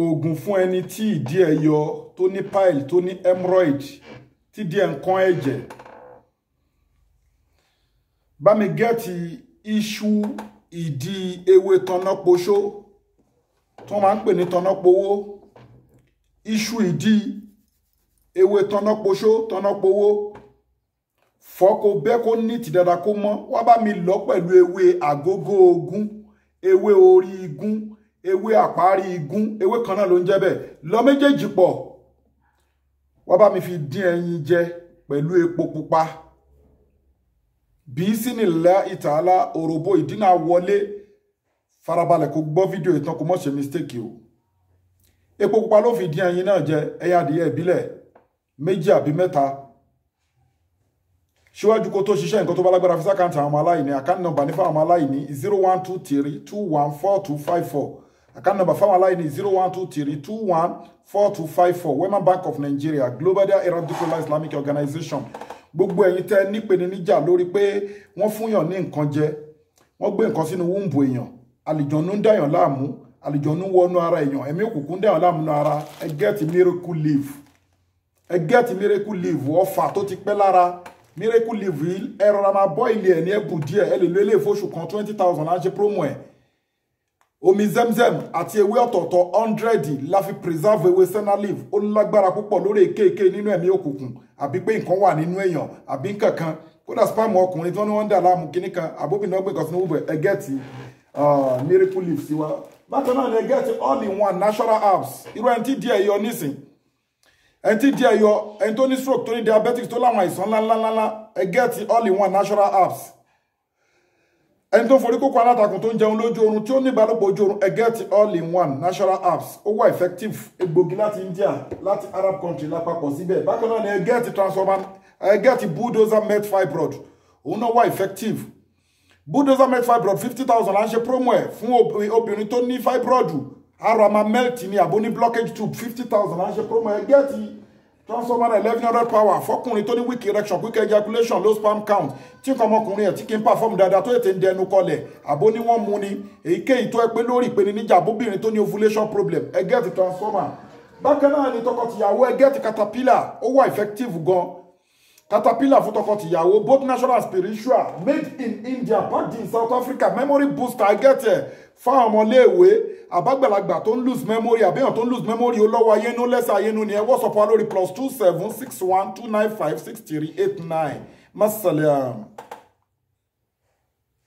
oògùn fún ẹni tí ìdí ẹ̀ yọ tó ní pile tó ní hemorrhoid tí díẹ̀ ń kán ẹ̀jẹ̀ bá mi gẹ́ẹ̀tì iṣu ìdí ewé tannápoṣó tí wọ́n máa ń pè ní tannápowó iṣu ìdí ewé tannápoṣó tannápowó fọ́ kó bẹ́ kó nítì dáadáa kó mọ́ wá bá mi lọ pẹ̀lú ewé àgógó ogún ewé orí igún ewé àpárí igun, ewé kan náà ló ń jẹ́ bẹ́ẹ̀ lọ méjèèjì pọ̀ wá bá mi fi dín ẹyin jẹ pẹ̀lú epo pupa bí sínìlá ìtàlá òròbó ìdínà wọlé farabalẹ̀ kó gbọ́ fídíò ìtàn kó mọ̀ ṣe mistake o epo pupa ló fi dín ẹyin náà jẹ ẹyà adìyẹ ìbílẹ̀ méjì àbí mẹ́ta síwájú kó tó ṣiṣẹ́ nǹkan tó bá lágbára fi sákàǹtì àwọn ọmọ aláìní àkáǹtì nọ́mbà nífà ọmọ aláìní zero one two three two one four two five four Account number fáwọn aláìní zero one two three two one four two five four Wema Bank of Nigeria Global Dahiratu Dhikrlahi Islamic Organization gbogbo ẹ̀yin tẹ́ nípele níjà lórí pé wọ́n fúnyàn ní nǹkan jẹ wọ́n gbé nǹkan sínú wúńbù èèyàn àlìjọ̀nú ń dàyàn láàmú àlìjọ̀nú wọnú ara èèyàn ẹ̀mí òkùnkùn ń dàyàn láàmú ara ẹ get miracle leave ẹ get miracle leave ọfà tó ti pẹ́ lára miracle leave ẹ rọra máa bọ́ ilé ẹ̀ ní ẹ̀bù díẹ̀ ẹ lè lo ilé ìfọ̀ṣù kan twenty thousand láti ṣe promo ẹ̀ omi zemzem àti ewé ọ̀tọ̀ọ̀tọ̀ hundred la fi preserve ewé senna leaf ó lágbára púpọ̀ lórí èkéèké nínú ẹ̀mí òkùnkùn àbí pé nǹkan wà nínú èèyàn àbí nǹkan kan kódà spam ọkùnrin tí wọ́n ní wọ́n ń dà láàmú kínní kan àbóbìnrin ọgbẹ́ kan sínú wúbẹ̀ ẹgẹ́tì miracle leaf sí wa bákan náà ni ẹgẹ́tì all in one natural herbs irú ẹni tí díẹ̀ yọ nísìn ẹni tí díẹ̀ yọ ẹni tó ní stroke tó ní diabetics tó láwọn àìsàn ńláńláńlá ẹgẹ́tì all in one natural herbs ẹni tó forí kókó alátakùn tó ń jẹun lójú oorun tí ó ní ìbálòpọ̀ ojú oorun eget all in one natural apps ó wà effective egbògi láti India láti Arab country lápapọ̀ síbẹ̀ bákan náà ni eget transformer eget bulldozer met fibroid òun náà wà effective bulldozer met fibroid fifty thousand à ń ṣe promo ẹ̀ fún obìnrin tó ní fibroid ara máa melt ní àbóní blockage tube fifty thousand à ń ṣe promo eget transformer eleven hundred power fọkùnrin tó ní weak erection quick ejaculation low sperm count tí nǹkan ọmọkùnrin ẹ̀ tí kì í perform dáadáa tó ètè ń dẹnu kọlẹ̀ àbó ní wọ́n mu ni èyíkéyìí tó ẹ pé lórí ìpèníjà àbóbìnrin tó ní ovulation problem ẹ gẹ́ẹ̀tì transformer bákan náà ni tọkọtìyàwó ẹ gẹ́ẹ̀tì caterpillar ó wà effective gan-an Caterpillar fún tọkọ-tìyàwó both natural and spiritual made in India packed in South Africa memory booster I get ẹ̀ fáwọn ọmọléèwé àbágbàlagbà tó ń lose memory àbẹ́yàn tó ń lose memory olówó ayénú lẹ́sẹ̀ ayénú ni ẹ WhatsApp wa lórí plus two seven six one two nine five six three eight nine masalam.